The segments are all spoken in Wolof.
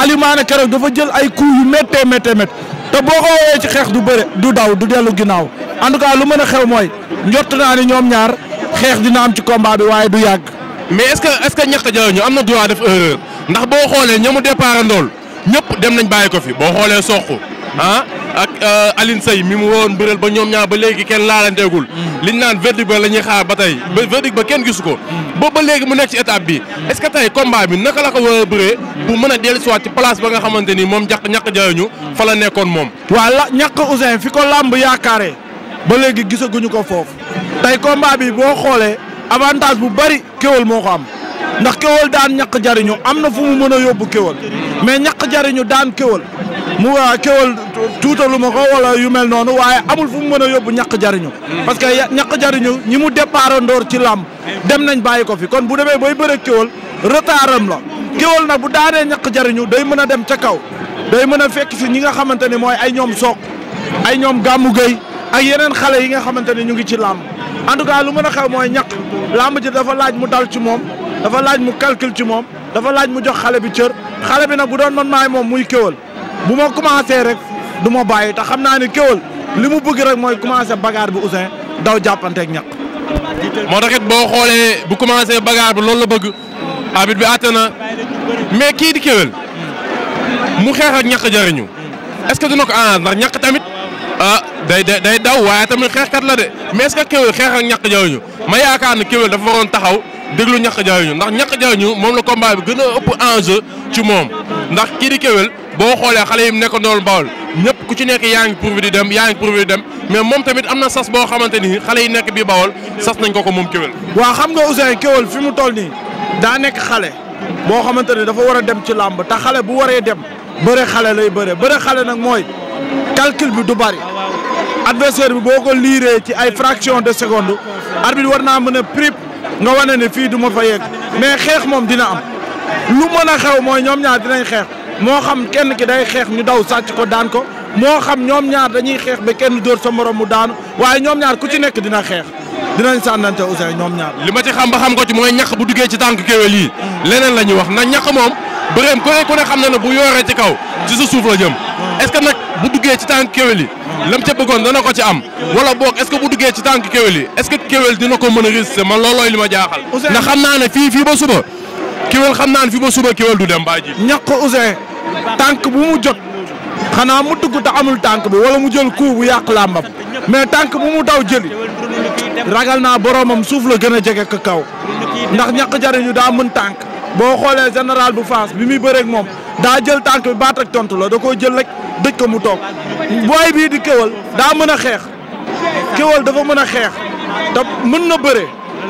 Aliou Mané keroog dafa jël ay coups yu méttee méttee te boo ko woowee ci xeex du bëre du daw du dellu ginnaaw en tout cas lu mën a xew mooy njott naa ni ñoom ñaar. xeex dina am ci combat bi waaye du yàgg. mais est-ce que est-ce que ñaxta jaww ñu am na droit def erreur ndax boo xoolee ñamu départ ndool ñëpp dem nañ bàyyi ko fi boo xoolee soq ah ak euh, Aline Seye mi mu woon bëreel ba ñoom ñaar ba léegi kenn laalanteegul. Mm. liñ naan verdict ba la ñuy xaar ba tey. ba ba kenn gisu ko. boobu ba léegi mu nekk ci étape bi. est-ce que tey combat bi naka la ko war a bëree. bu mën a dellusiwaat ci place ba nga xamante ni moom ñàkk ñàkk jaayuñu fa la nekkoon moom. waa la ñàkk Ousseyn fi ko làmb yaakaare ba léegi gisaguñu ko foofu tey combat bi boo xoolee avantage bu bari kéwal moo ko am ndax kéwal daan ñàkk jariñu am na fu mu mën a yóbbu kéwal mais ñàkk jariñu daan kéwal mu waa ah, kéwal tuutalu ma ko wala yu mel noonu waaye amul fu mu mën a yóbbu ñàkk jariñu parce que ñàkk jariñu ñi mu départ ndoor ci làmb dem nañ bàyyi ko fi kon bu demee bay bëre kéwal retardam la kéwal nag bu daanee ñàkk jariñu day mën a dem ca kaw day mën a fekk si ñi nga xamante ne mooy ay ñoom soog ay ñoom gàmmu gay ak yeneen xale yi nga xamante ne ñu ngi ci làmb en tout cas lu mën a xew mooy ñaq làmb ji dafa laaj mu dal ci moom dafa laaj mu calcul ci moom dafa laaj mu jox xale bi cër xale bi nag bu doon man maay moom muy kéwal bu ma commencé rek du ma bàyyi tax xam naa ne kéwel li mu bëgg rek mooy commencé bagaar bi Ouzin daw jàppanteek ak moo taxit boo xoolee bu commencé bagaar bi loolu la bëgg arbitre bi àtte na mais kii di kéwal mu xeex ak ñaq jariñu est-ce que dina ah day day daw waaye tamit xeexkat la de mais est-ce que Kéwél xeex ak ñàkk ñu ma yaakaar ne Kéwél dafa waroon taxaw déglu ñàkk jaww ñu ndax ñàkk jaww ñu moom la combat bi gën a ëpp enjeu ci moom ndax kii Kéwél boo xoolee xale yi mu nekk noonu Bawol ñëpp ku ci nekk yaa ngi pourvu di dem yaa ngi pourvu di dem mais moom tamit am na sas boo xamante ni xale yi nekk bi Bawol sas nañ ko ko moom Kéwél. waaw xam nga Ousseyn Kéwél fi mu toll nii daa nekk xale boo xamante ne dafa war a dem ci làmb te xale bu waree dem bëre xale lay bëre bëre xale nag mooy calcul du bari adversaire bi boo ko liiree ci ay fraction de seconde arbitre war naa mën a prip nga wane ne fii du ma fa yegg mais xeex moom dina am lu mën a xew mooy ñoom ñaar dinañ xeex moo xam kenn ki day xeex ñu daw sàcc ko daan ko moo xam ñoom ñaar dañuy xeex ba kenn dóor sa morom mu daanu waaye ñoom ñaar ku ci nekk dina xeex dinañ sànnante Ousseyn ñoom ñaar. li ma ci xam ba xam ko ci mooy ñax bu duggee ci tànk kéwél yi leneen la ñuy wax na ñax moom bëreem ku ne ku ne xam na bu yooree ci kaw ci sa suuf la jëm. est-ce nag bu duggee ci tànk kéwél yi lam ca bëggoon dana ko ci am wala boog est-ce que bu duggee ci tànk kéwél yi est-ce que kéwél dina ko mën a résister man loolooy li ma jaaxal ndax xam naa ne fii fii ba suba kéwél xam naa ne fi ba suba kéwél du dem baa ji ñàkk ko tànk bu mu jot xanaa mu dugg te amul tànk bi wala mu jël coup bu yàq làmbam mais tànk bu mu daw jëli ragal naa boromam suuf la gën a jege ko kaw ndax ñàkk jariñu daa mën tànk boo xoolee général bu Fass bi muy bëreeg moom daa jël tànk bi baat ak tontu la da koo jël rek dëj ko mu toog booy bii di kéwal daa mën a xeex kéwal dafa mën a xeex te mën na bëre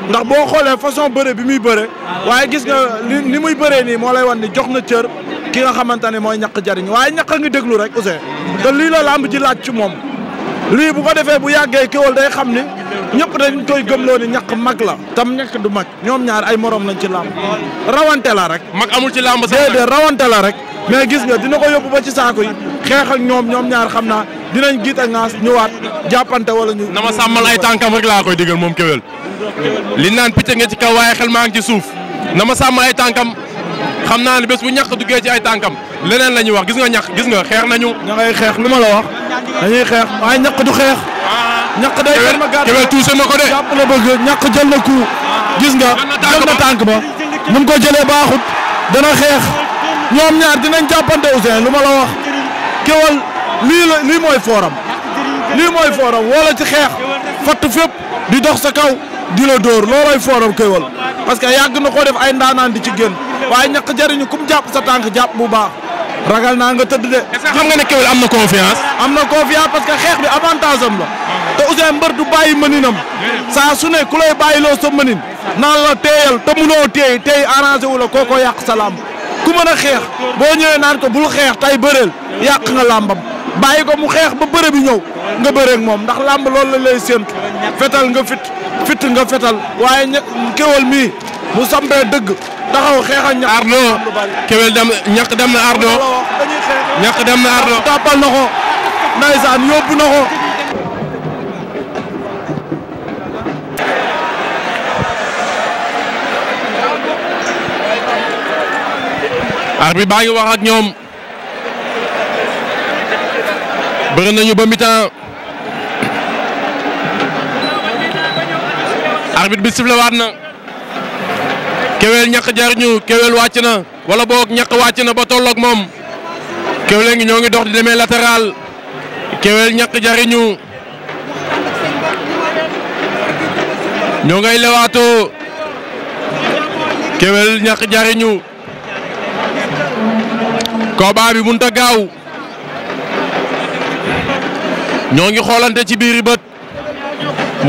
ndax boo xoolee façon bëre bi muy bëre waaye gis nga ni muy bëree nii moo lay wan ni jox na cër ki nga xamante ne mooy ñaq jariñ waaye ñaq a ngi déglu rek Ousseyn te lii la làmb ji laaj ci moom lii bu ko defee bu yàggee kéwal day xam ni ñëpp dañ koy gëmloo ni ñàkk mag la tam ñàkk du mag ñoom ñaar ay moroom lañ ci làmb rawante la rek mag amul ci làmb sax déedéet rawante la rek mais gis nga dina ko yóbbu ba ci saako yi xeex ñoom ñoom ñaar xam naa dinañ giit ak ngaas ñëwaat jàppante wala ñu na ma sàmmal ay tànkam rek laa koy digal moom kéwél li naan picc nga ci kaw waaye xel maa ngi ci suuf na ma sàmmal ay tànkam xam naa ne bés bu ñàkk duggee ci ay tànkam leneen la ñuy wax gis nga ñàkk gis nga xeex nañu. ña ngay xeex lu ma la wax. dañuy xeex waaye ñàkk du xeex. Ah. ñàkk day ferma gàtt kewel tuuse na de. jàpp ñàkk jël na ku. Ah. gis nga jël na tànk ba mun ko jëlee baaxut. dana xeex ñoom ñaar dinañ jàppante Ousseyn lu ma la wax. kewel lii mooy fooram. lii mooy fooram wala ci xeex. fatt fépp di dox sa kaw di la dóor loolooy fooram kewel parce que yàgg na koo def ay ndaanaan di ci génn. waaye ñàkk jariñu kum jàpp sa tànk jàpp bu baax. ragal naa nga tëdd de. est-ce xam nga ne Kewel am na confiance. am na confiance parce que xeex bi avantage am la. te Ousseyn mbër du bàyyi mëninam. saa su ne ku lay bàyyiloo sa mënin. naan la teeyal te munoo teey teey arrangé wu la yàq sa làmb ku mën a xeex boo ñëwee naan ko bul xeex tey bëreel yàq nga làmbam bàyyi ko mu xeex ba bëre bi ñëw nga bëreeg moom ndax làmb loolu la lay séentu fetal nga fit fit nga fetal waaye ña Kewel mii mu sampee dëgg taxaw xeexal ñax. Ardo Kewel dem ñax dem na Ardo. ñax dem na Ardo. tàppal na ko. ndeysaan yóbbu na ko. arbitre baa ngi wax ak ñoom bëri nañu ba mi-temps arbitre bi sifflé waat na. kewel ñaq jariñu kewel wàcc na wala boog ñaq wàcc na ba tolloog moom kewel ngi ñoo ngi dox di demee latéral kewel ñaq jariñu ñoo ngay lewaatoo kewel ñaq jariñu combat bi mënut gaaw ñoo ngi xoolante ci biir bët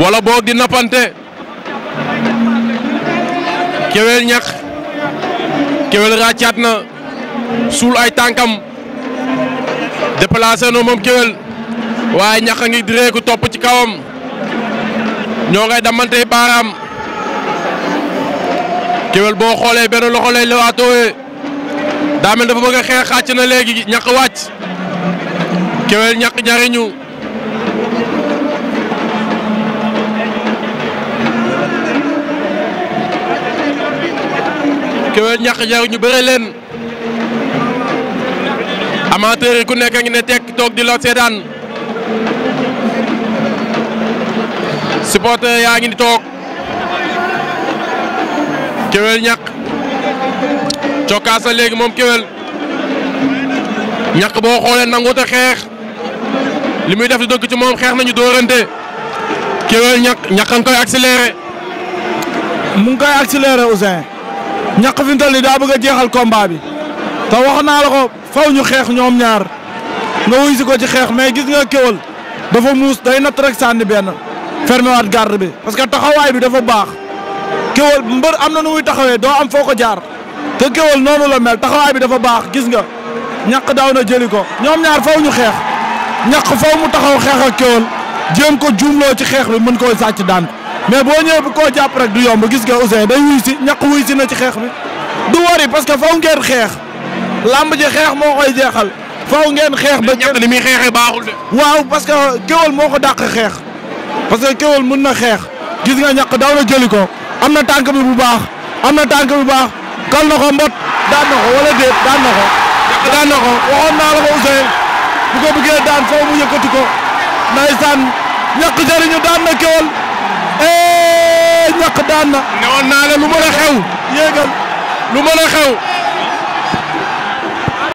walla boog di nappante kewel ñax kewel ràccaat na suul ay tànkam déplacé noo moom kewel waaye ñax a ngi direeku topp ci kawam ñoo ngay damante baaraam kewel boo xoolee benn loxo lay lewaatoowee daa mel dafa bëgg xeex xàcc na léegi ñax wàcc kewel ñax jariñu Kewel ñàkk jaru ñu bëre leen amateur yi ku nekk a ngi ne tekk toog di la seetaan supporter yaa ngi di toog Kewel ñàkk cokkaasa léegi moom Kewel ñàkk boo xoolee nanguut a xeex li muy def di dëgg ci moom xeex nañu dóorante Kewel ñàkk ñàkk a ngi koy accéléré. mu ngi ñàkk fi mu toll nii daa bëgg jeexal combat bi ta wax naa la ko faw ñu xeex ñoom ñaar nga wuy ko ci xeex mais gis nga kéwal dafa muus day natt rek sànni benn fermé waat garde bi parce que taxawaay bi dafa baax kéwal mbër am na nu muy taxawee doo am foo ko jaar te kéwal noonu la mel taxawaay bi dafa baax gis nga ñàkk daw na jëli ko ñoom ñaar faw ñu xeex ñàkk faw mu taxaw xeex a kéwal jéem ko juumloo ci xeex bi mën koo sàcc daan mais boo ñëwee ko jàpp rek du yomb gis nga Ouzin day wuy si ñaq wuy na ci xeex bi du wari parce que faw ngeen xeex làmb ji xeex moo koy jeexal faw ngeen xeex ba ñett ni muy xeexee baaxul de waaw parce que kéwal moo ko dàq xeex parce que kéwal mun na xeex gis nga ñaq daw na jëli ko am na tànk bi bu baax am na tànk bu baax kal na ko mbot daan na ko wala déet daan na ko daan na ko waxoon naa la ko Ouzin bu ko bëggee daan faw mu yëkkati ko ndeysaan ñaq Eh, ñàkk daan na. newoon naa la lu mën a xew. yéegal lu mën a xew.